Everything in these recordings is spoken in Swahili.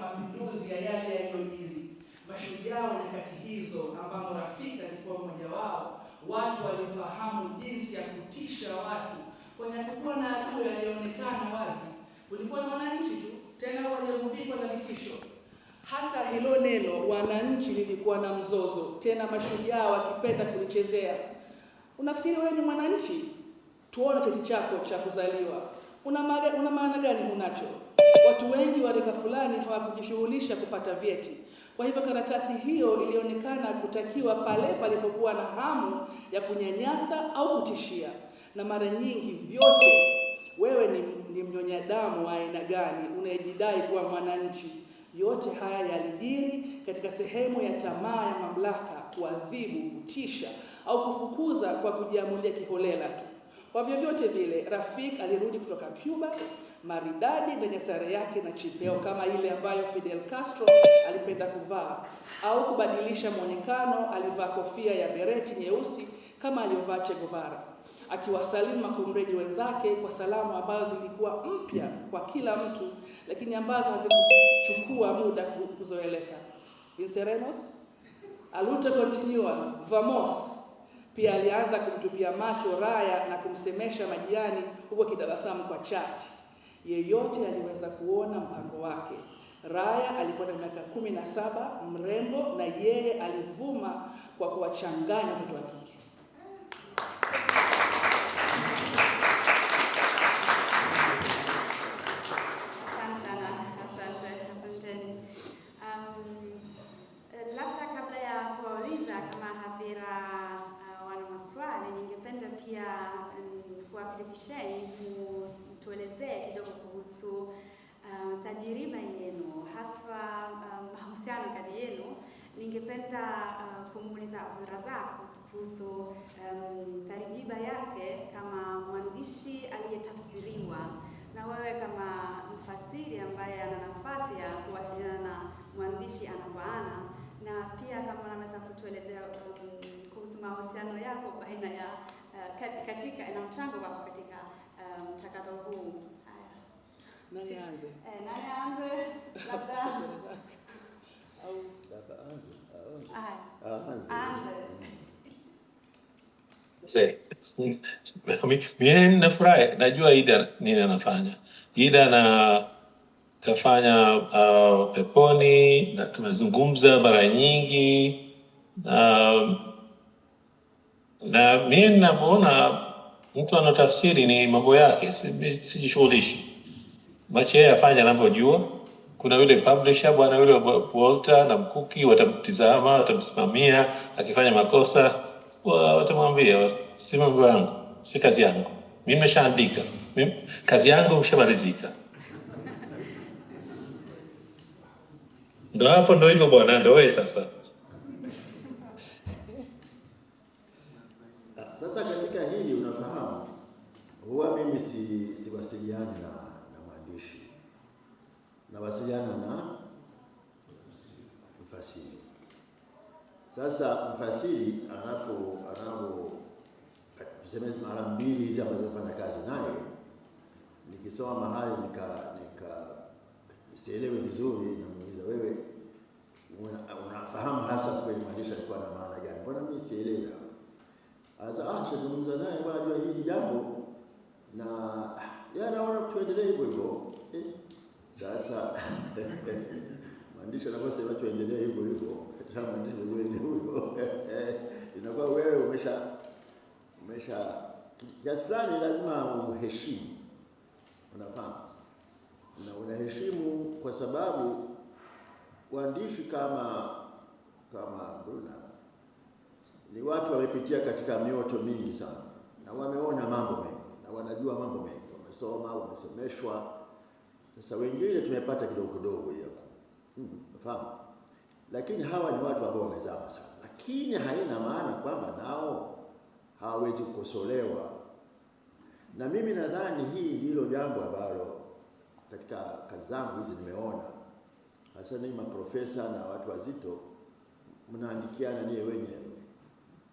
mapinduzi ya yale yaliyojiri. Mashujaa wa nyakati hizo, ambao Rafiki alikuwa mmoja wao, watu walifahamu jinsi ya kutisha watu kwenye kukuwa na adui aliyeonekana wazi, kulikuwa na wananchi tu, tena waliogubikwa na vitisho. Hata hilo neno wananchi lilikuwa na mzozo, tena mashujaa wakipenda kulichezea. Unafikiri wewe ni mwananchi? Tuone cheti chako cha kuzaliwa una maana, una maana gani unacho? Watu wengi wa rika fulani hawakujishughulisha kupata vyeti. Kwa hivyo karatasi hiyo ilionekana kutakiwa pale palipokuwa na hamu ya kunyanyasa au kutishia, na mara nyingi vyote wewe ni, ni mnyonya damu wa aina gani unayejidai kuwa mwananchi? Yote haya yalijiri katika sehemu ya tamaa ya mamlaka kuadhibu, kutisha au kufukuza kwa kujiamulia kiholela tu. Kwa vyovyote vile, Rafik alirudi kutoka Cuba maridadi mwenye sare yake na chipeo kama ile ambayo Fidel Castro alipenda kuvaa, au kubadilisha mwonekano, alivaa kofia ya bereti nyeusi kama aliyovaa Che Guevara, akiwasalimu makomredi wenzake kwa salamu ambazo zilikuwa mpya kwa kila mtu, lakini ambazo hazikuchukua muda kuzoeleka. Venceremos, a aluta continua, vamos pia alianza kumtupia macho Raya na kumsemesha majiani huku akitabasamu kwa chati. Yeyote aliweza kuona mpango wake. Raya alikuwa na miaka kumi na saba, mrembo, na yeye alivuma kwa kuwachanganya watoto wa kike. tajiriba yenu haswa um, mahusiano um, kati yenu, ningependa uh, kumuuliza Abdulrazak kuhusu um, tajiriba yake kama mwandishi aliyetafsiriwa na wewe kama mfasiri ambaye ana nafasi ya kuwasiliana na mwandishi ana kwa ana, na pia kama unaweza kutuelezea um, kuhusu mahusiano yako baina ya uh, katika na mchango wako katika uh, mchakato um, huu. Nani anze? Eh, Labda au najua Ida nini anafanya. Ida na kafanya uh, peponi na tumezungumza mara nyingi uh, na mi navoona mtu anatafsiri ni mambo yake, sijishughulishi Macho yeye afanye anavyojua. Kuna yule publisher bwana yule Walter na Mkuki watamtizama, watamsimamia, akifanya makosa watamwambia si mambo yangu, si kazi yangu, mi meshaandika, kazi yangu meshamalizika. Ndo hapo ndo hivyo bwana, ndo wewe sasa. Sasa katika hili unafahamu, huwa mimi si siwasiliani na mwandishi, nawasiliana na mfasiri. Sasa mfasiri anapo anapo tuseme mara mbili hizi ambazo nafanya kazi naye, nikisoma mahali nika nika sielewe vizuri, namuuliza wewe, unafahamu hasa kweli mwandishi alikuwa na maana gani? Mbona mimi sielewi hapa? Sasa ah, shazungumza naye, bwana jua hili jambo na jana naona tuendelee hivyo hivyo eh. Sasa maandishi anavyosema tuendelee hivyo hivyo kama maandishi mwenyewe ni huyo inakuwa wewe umesha umesha kiasi fulani, lazima uheshimu, unafahamu na unaheshimu kwa sababu waandishi kama kama Bruna ni watu wamepitia katika mioto mingi sana na wameona mambo mengi na wanajua mambo mengi wamesoma, wamesomeshwa. Sasa wengine tumepata kidogo kidogo hiyo, hmm, lakini hawa ni watu ambao wamezama sana, lakini haina maana kwamba nao hawawezi kukosolewa. Na mimi nadhani hii ndilo jambo ambalo katika kazi zangu hizi nimeona hasa ni maprofesa na watu wazito, mnaandikiana nie wenyewe.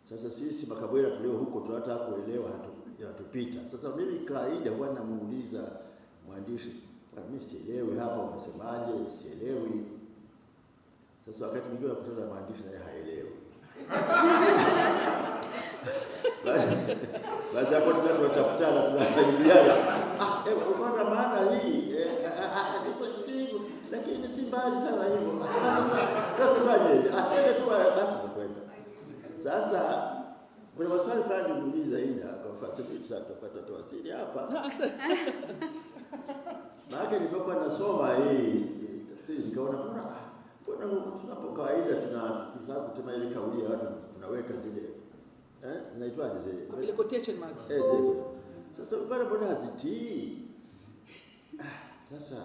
Sasa sisi makabwela tulio huko tunataka kuelewa hatu yanatupita. Sasa mimi kawaida huwa namuuliza mwandishi, mimi sielewi hapa umesemaje, sielewi. Sasa wakati mwingine nakutana na mwandishi naye haelewi basi hapo tuna tunatafutana, tunasaidiana, ah, eh, ukaona maana hii eh, eh, hivyo, lakini si mbali sana hivyo. Ah, sasa tufanyeje? Atende ah, tu basi, tunakwenda sasa kuna maswali fulani niliuliza Ida kwa mfasiri sana tupata tuwasili hapa. Maana nilipokuwa nasoma hii tafsiri nikaona bora ah, bora tunapo kawaida tuna tunataka kutema ile kauli ya watu tunaweka zile eh zinaitwa zile ile quotation marks. Eh zile. Sasa bora bora hazitii. Ah, sasa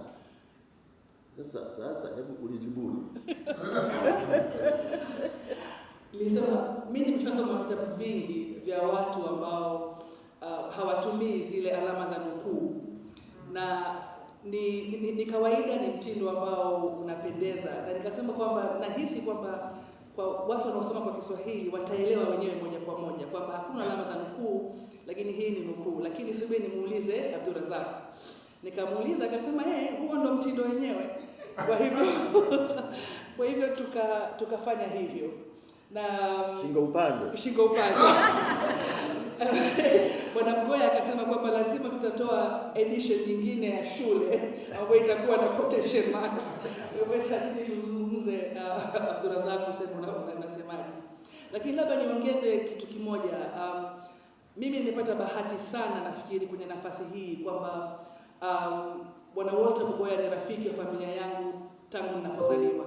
sasa sasa hebu ulijibuni. nilisema mimi nimeshasoma vitabu vingi vya watu ambao uh, hawatumii zile alama za nukuu na ni, ni, ni kawaida, ni mtindo ambao unapendeza, na nikasema kwamba nahisi kwamba kwa watu wanaosoma kwa Kiswahili wataelewa wenyewe moja kwa moja kwamba hakuna alama za nukuu, lakini hii ni nukuu. Lakini subiri nimuulize Abdurazak. Nikamuuliza akasema hey, eh, huo ndo mtindo wenyewe. Kwa hivyo kwa hivyo tuka tukafanya hivyo na shingo upande, shingo upande Bwana Mgoya akasema kwamba lazima tutatoa edition nyingine ya shule ambayo itakuwa na quotation marks. Tuzungumze Abdurazak, useme unasemaje? Lakini labda niongeze kitu kimoja. Um, mimi nimepata bahati sana nafikiri kwenye nafasi hii kwamba um, Bwana Walter Mgoya ni rafiki wa familia yangu tangu ninapozaliwa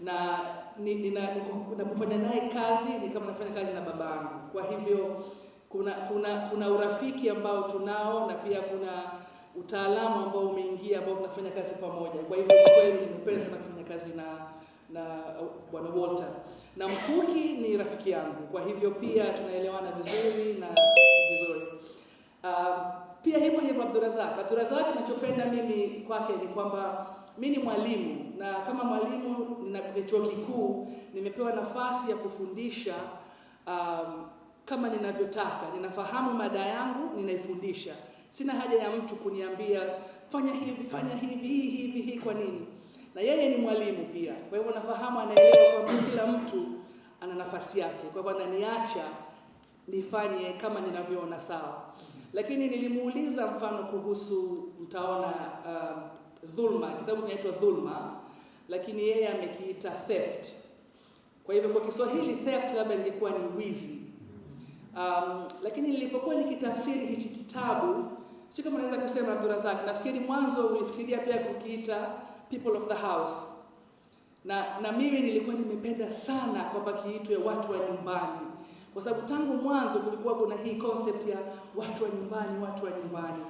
na ninapofanya naye kazi ni kama nafanya kazi na babangu. Kwa hivyo kuna kuna kuna urafiki ambao tunao na pia kuna utaalamu ambao umeingia ambao tunafanya kazi pamoja. Kwa hivyo kwa kweli nimependa sana kufanya kazi na na uh, Bwana Walter. Na Mkuki ni rafiki yangu, kwa hivyo pia tunaelewana vizuri na vizuri. Uh, pia hivyo hivyo Abdurazak. Abdurazak, nachopenda mimi kwake ni kwamba mimi ni mwalimu na kama mwalimu nina chuo kikuu nimepewa nafasi ya kufundisha um, kama ninavyotaka. Ninafahamu mada yangu, ninaifundisha. Sina haja ya mtu kuniambia fanya hivi fanya hivi hii hivi hii. Kwa nini? Na yeye ni mwalimu pia, kwa hivyo nafahamu, anaelewa kwamba kila mtu ana nafasi yake, kwa hivyo ananiacha nifanye kama ninavyoona sawa. Lakini nilimuuliza mfano kuhusu mtaona, uh, dhulma, kitabu kinaitwa Dhulma lakini yeye amekiita theft. Kwa hivyo kwa Kiswahili theft labda ingekuwa ni wizi. Um, lakini nilipokuwa nikitafsiri hichi kitabu, sio kama naweza kusema Abdurazak, nafikiri mwanzo ulifikiria pia kukiita people of the house, na na mimi nilikuwa nimependa sana kwamba kiitwe watu wa nyumbani, kwa sababu tangu mwanzo kulikuwa kuna hii concept ya watu wa nyumbani, watu wa nyumbani.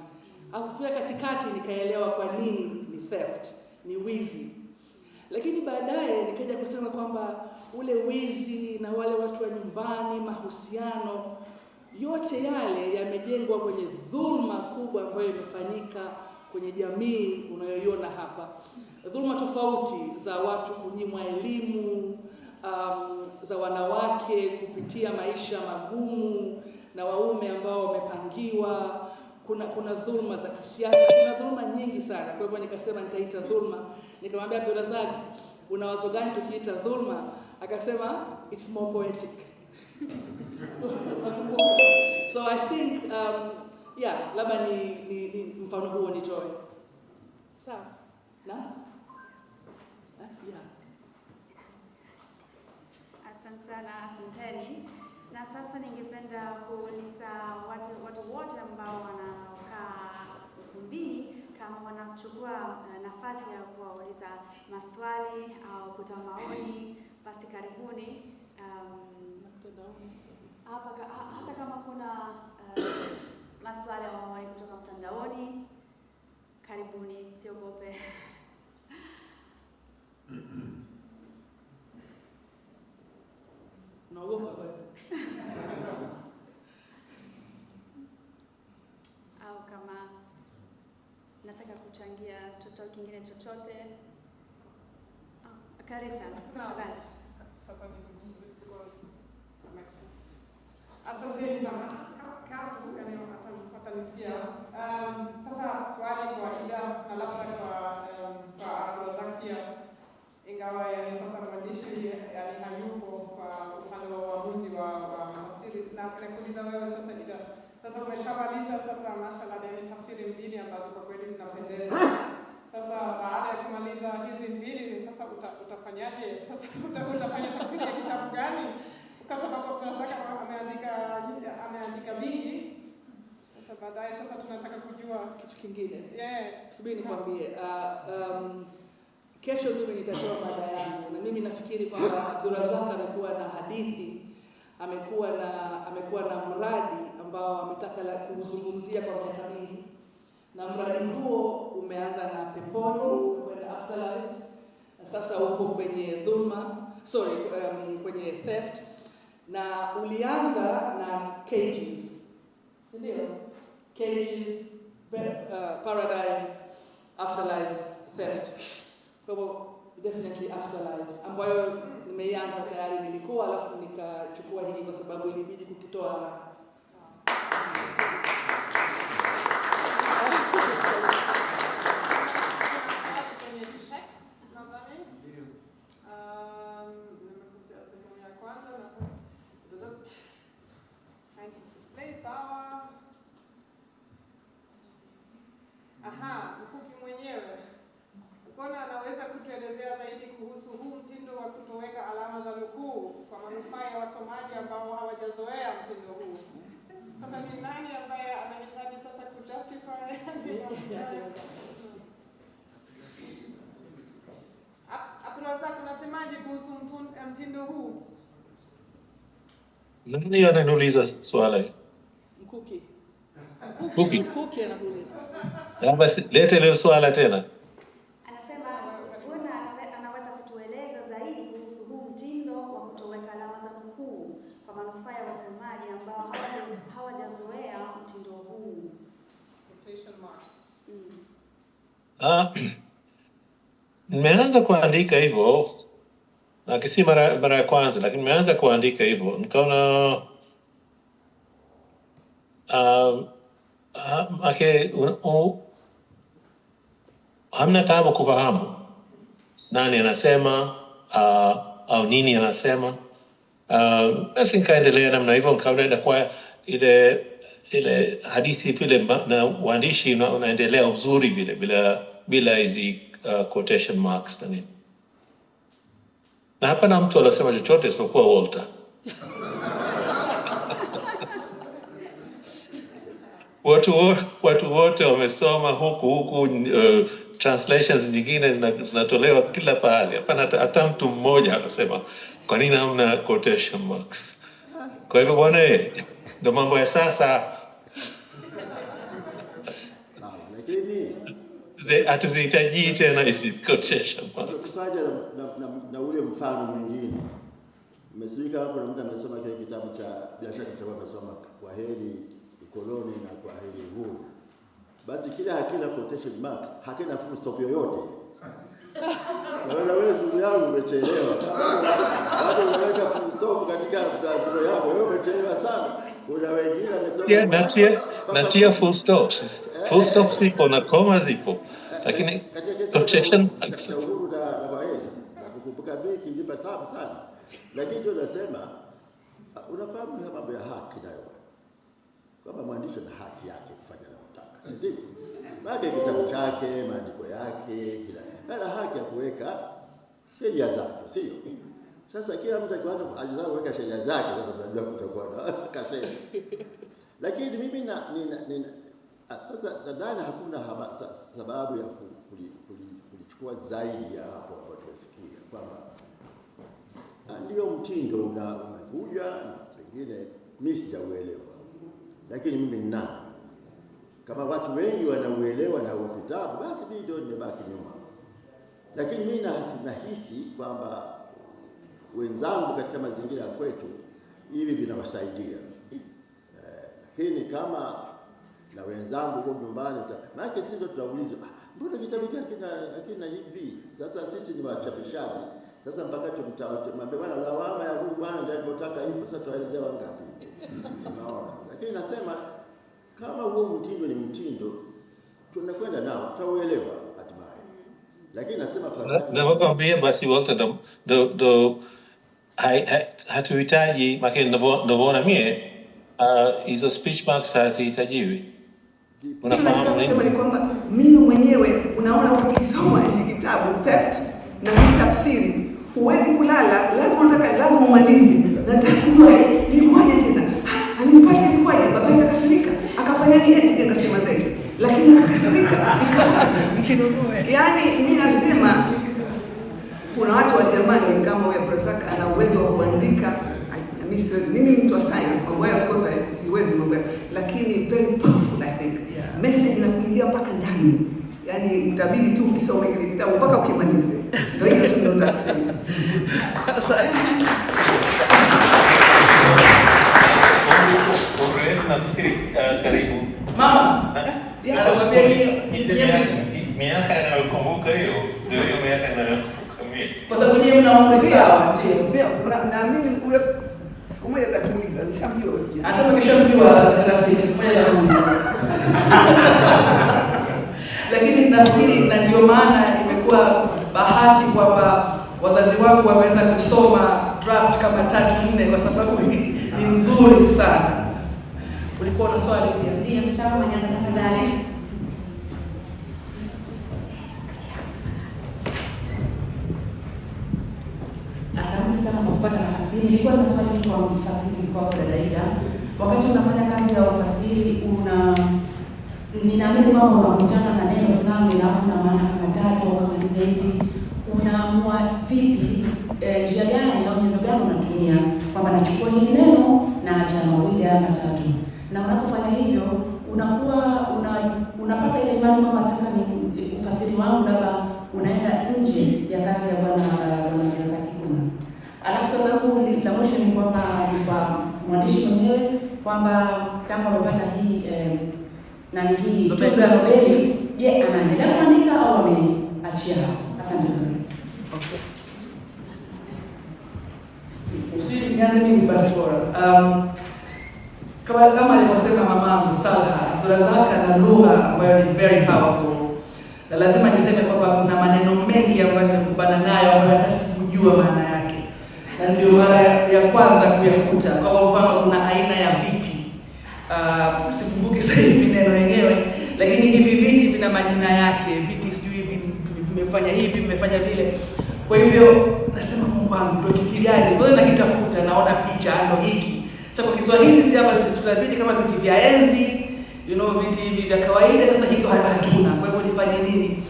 Hapo katikati nikaelewa kwa nini ni theft, ni wizi lakini baadaye nikaja kusema kwamba ule wizi na wale watu wa nyumbani, mahusiano yote yale yamejengwa kwenye dhulma kubwa ambayo imefanyika kwenye jamii unayoiona hapa, dhulma tofauti za watu kunyimwa elimu, um, za wanawake kupitia maisha magumu na waume ambao wamepangiwa kuna kuna dhulma za kisiasa, kuna dhulma nyingi sana. Kwa hivyo nikasema nitaita dhulma. Nikamwambia Abdulrazak, una wazo gani tukiita dhulma? Akasema it's more poetic so I think um, yeah, labda ni, ni, ni mfano huo ni Joy. Sawa na eh, yeah. Asante sana, asanteni. Na sasa ningependa kuuliza watu watu wote ambao wanakaa ukumbini kama wanachukua eh, nafasi ya kuwauliza maswali au kutoa maoni, basi karibuni um, hapa um, hata kama kuna uh, maswali au maoni kutoka mtandaoni, karibuni, siogope. anataka kuchangia chochote kingine chochote? Oh, ah, karibu sana tafadhali. Asanteni sana um, Sasa swali kwa Ida na labda kwa um, ingawa yani sasa mwandishi yani hayupo kwa upande wa uamuzi wa tafsiri, na nakuuliza wewe sasa Ida, sasa umeshamaliza sasa mashallah, yani tafsiri mbili ambazo za hizi mbili sasa uta, utafanyaje sasa uta, utafanya tafsiri ya kitabu gani? Kwa sababu tunataka ameandika ameandika mingi. Sasa baadaye sasa tunataka kujua kitu kingine. Yeah. Subiri nikwambie. Uh, um, kesho mimi nitatoa mada yangu na mimi nafikiri kwamba Abdulrazak amekuwa na hadithi, amekuwa na amekuwa na mradi ambao ametaka kuzungumzia kwa miaka mingi, na mradi huo umeanza na peponi afterlife. Sasa huko kwenye dhulma, sorry, um, kwenye theft, na ulianza na cages, si ndio? Cages, uh, paradise, afterlives, theft. Kwa hivyo definitely afterlives ambayo nimeianza tayari nilikuwa, alafu nikachukua hiki kwa sababu ilibidi kukitoa haraka. mtindo Sasa ni nani ambaye anahitaji sasa kujustify? Abdulrazak, unasemaje kuhusu mtindo huu? Nani ananiuliza Mkuki. Mkuki. Mkuki ananiuliza. lete ile swala tena. Ah. nimeanza kuandika hivyo na si mara mara ya kwanza, lakini nimeanza kuandika hivyo nikaona um, uh, ah, okay, hamna tabu kufahamu nani anasema uh, au nini anasema. Basi uh, nikaendelea namna hivyo, nikaenda kwa ile ile hadithi vile na uandishi unaendelea uzuri vile bila bila hizi uh, quotation marks na nini, na na mtu aliosema chochote isipokuwa Walter watu watu wote wamesoma huku huku, uh, translations nyingine zinatolewa kila pahali. Hapana hata mtu mmoja anasema kwa nini hamna quotation marks? Kwa hivyo bwana, eh, ndo mambo ya sasa. hatuzihitajii tena hizi na, na, na ule mfano mwingine umesika hapo, na mtu amesoma kile kitabu cha bila shaka, mtakuwa amesoma kwa heri ukoloni na kwa heri uhuru, basi kila hakina quotation mark, hakina full stop yoyote wewe ndugu yangu umechelewa, bado unaweka full stop katika yako wewe, umechelewa sana. Kuna wengine natia full full stop po, na koma zipo, lakini quotation marks nasema, unafahamu ya mambo ya haki nayo haki yake kufanya kitabu chake, maandiko yake, kila ana haki ya kuweka sheria zake, sio? Sasa kila mtu akianza kuanza kuweka sheria zake, sasa tunajua kutakuwa na kashesha. Lakini mimi na Ah, sasa nadhani hakuna haba, sababu ya kulichukua zaidi ya hapo ambapo tumefikia, kwamba ah, ndio mtindo umekuja na pengine mimi sijauelewa, lakini mimi nani kama watu wengi wanauelewa na uvitabu, basi mimi ndio nimebaki nyuma. Lakini mimi nahisi kwamba wenzangu katika mazingira ya kwetu hivi vinawasaidia eh, lakini kama na wenzangu huko nyumbani, maana sisi ndio tutaulizwa, ah, mbona vitabu vyake na akina hivi? Sasa sisi ni wachapishaji, sasa mpaka tumtamwambia bwana, lawama ya huyu bwana ndio alipotaka hivi. Sasa tuwaelezea wangapi? Unaona, lakini nasema kama huo mtindo ni mtindo tunakwenda nao, tutauelewa hatimaye, lakini nasema kwa na wakwambia basi, Walter the the, the hai hatuhitaji, maana navona mie uh, hizo speech marks hazihitajiwi. Unasema ni kwamba mimi mwenyewe, unaona, ukisoma hiki kitabu theft na tafsiri, huwezi kulala, lazima unataka, lazima umalize, nataka nikwaje tena, alinipata nikwaje, baba akakasirika, akafanya nini, sije kasema zaidi, lakini akakasirika, yaani mimi nasema kuna watu wa jamani, kama huyo Profesa ana uwezo wa kuandika mimi mtu wa science, mambo hayo of siwezi mambo, lakini very powerful direct yeah. Message na kuingia mpaka ndani, yaani itabidi tu ukisome kile kitabu mpaka ukimalize. Ndio hiyo tu ndio takusema. Mama, eh? miaka yanayokumbuka hiyo ndio hiyo miaka yanayokumbuka kwa sababu yeye una umri sawa, ndio naamini siku moja atakuuliza, nishamjua, atakwishamjua rafiki siku moja atakuuliza lakini nafikiri na ndio maana imekuwa bahati kwamba wazazi wangu wameweza kusoma draft kama tatu nne, kwa sababu ni nzuri sana. Ulikuwa na swali pia? Ndio, msamaha mwanza tafadhali. Asante sana kwa kupata nafasi Nilikuwa na swali kwa mfasiri kwa dada Ida, wakati unafanya kazi ya ufasiri una ninaamini mama unakutana na neno fulani alafu na maana kama tatu au kama nne hivi, unaamua vipi eh, njia gani au nyenzo gani unatumia kwamba nachukua hili neno na acha mawili au matatu? na unapofanya hivyo unakuwa una, unapata ile imani kwamba sasa ni ufasiri wangu baba unaenda nje ya kazi ya Bwana Bwana Kikuna. Alafu swali langu la mwisho ni kwamba kwa mwandishi mwenyewe kwamba tangu amepata hii eh, na hii tuzo ya Nobel. Je, anaendelea kuandika au ameachia hapo? Asante sana. Um, kama kama alivyosema mamangu Salha, tunazaka na lugha ambayo ni very powerful, na lazima niseme kwamba kuna maneno mengi ambayo nimekumbana nayo ambayo hata sikujua maana yake, na ndio mara ya kwanza kuyakuta. Kwa mfano kuna uh, sikumbuki sasa hivi neno yenyewe, lakini hivi viti vina majina yake, viti sijui vimefanya hivi vimefanya vile. Kwa hivyo nasema Mungu wangu, ndio kiti gani? Kwa hiyo nakitafuta, naona picha ndio hiki. Sasa kwa Kiswahili sisi hapa tuna viti kama viti vya enzi, you know, viti hivi vya kawaida. Sasa hiki hatuna, kwa hivyo nifanye nini?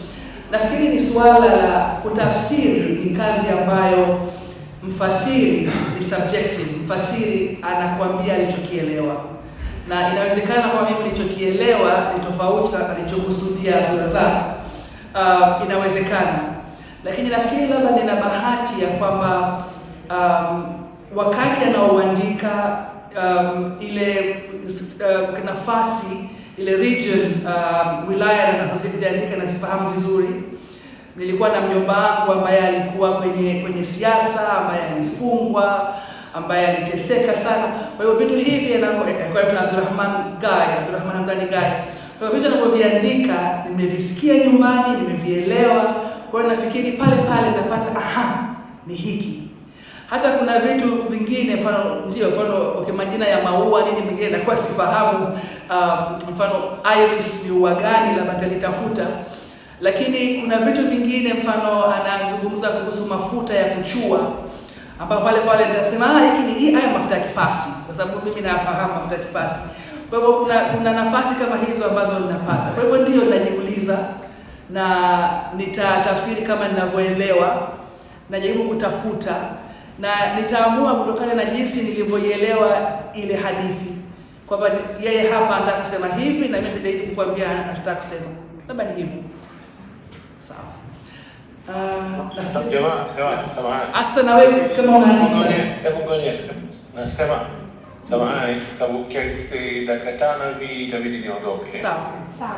Nafikiri ni swala la kutafsiri, ni kazi ambayo mfasiri ni subjective. Mfasiri anakuambia alichokielewa na inawezekana kwa mimi nilichokielewa ni tofauti na alichokusudia Abdulrazak. Uh, inawezekana, lakini nafikiri labda nina bahati ya kwamba um, wakati anaoandika um, ile uh, nafasi ile region uh, wilaya anazoziandika nazifahamu vizuri. Nilikuwa na mjomba wangu ambaye alikuwa kwenye kwenye siasa ambaye alifungwa ambaye aliteseka sana. Kwa hiyo vitu hivi anavyoitwa Abdurrahman Gai, Abdurrahman Hamdani Gai. Kwa hiyo vitu anavyoviandika nimevisikia nyumbani, nimevielewa. Kwa hiyo nafikiri pale pale napata aha, ni hiki. Hata kuna vitu vingine mfano ndio mfano okay, majina ya maua nini mingine nakuwa sifahamu. Uh, mfano iris ni ua gani, labda nitalitafuta lakini kuna vitu vingine, mfano anazungumza kuhusu mafuta ya kuchua ambapo pale pale nitasema ah, hiki ni hii haya mafuta ya kipasi, kwa sababu mimi nayafahamu mafuta ya kipasi. Kwa hivyo kuna kuna nafasi kama hizo ambazo ninapata, kwa hivyo ndio ninajiuliza na nitatafsiri kama ninavyoelewa, najaribu kutafuta na nitaamua kutokana na jinsi nilivyoielewa ile hadithi kwamba yeye hapa anataka kusema hivi na mimi ndio kukwambia anataka kusema labda ni hivi. Hasa uh, wewe kama nasema samahani, sababu kesi dakika tano hivi itabidi niondoke. Sawa sawa,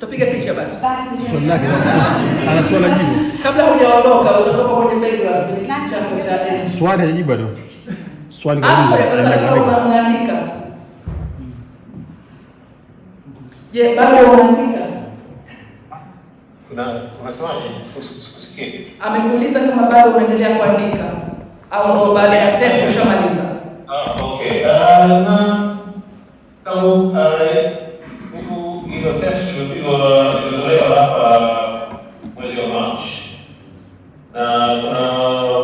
tapiga picha basi. Swali lake ana swali jibu, kabla hujaondoka utatoka kwenye begi la kwenye kiti chako cha tena. Swali hajibu bado, swali unaandika. Je, bado unaandika? ameniuliza kama bado unaendelea kuandika au ndo baada ya sehemu ushamaliza? Ah, okay. Na kama huku hilo session ilipigwa ilizolewa hapa mwezi wa March, na kuna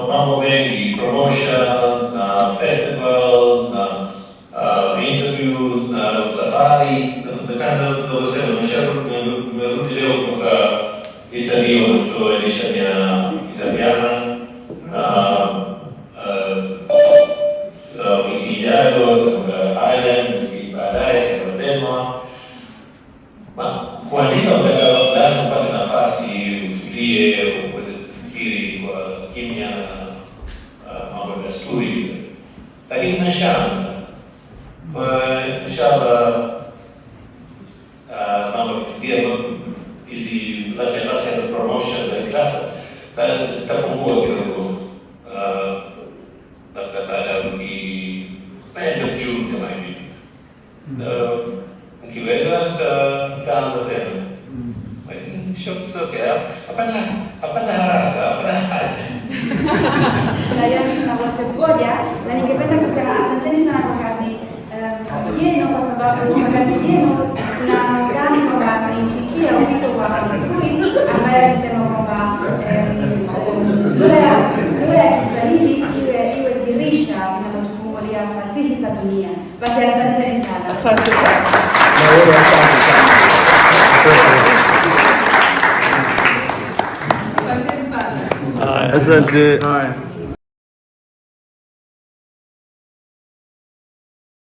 mambo mengi promotion podniesienia kusema shokusoke eh. na na kusema asanteni sana kwa kazi kwa sababu kwa kazi na gani kwamba mnaitikia wito wa Masuri ambaye alisema kwamba lugha ya Kiswahili iwe iwe dirisha linalofungulia fasihi za dunia. Basi asanteni sana. Asante. Haya.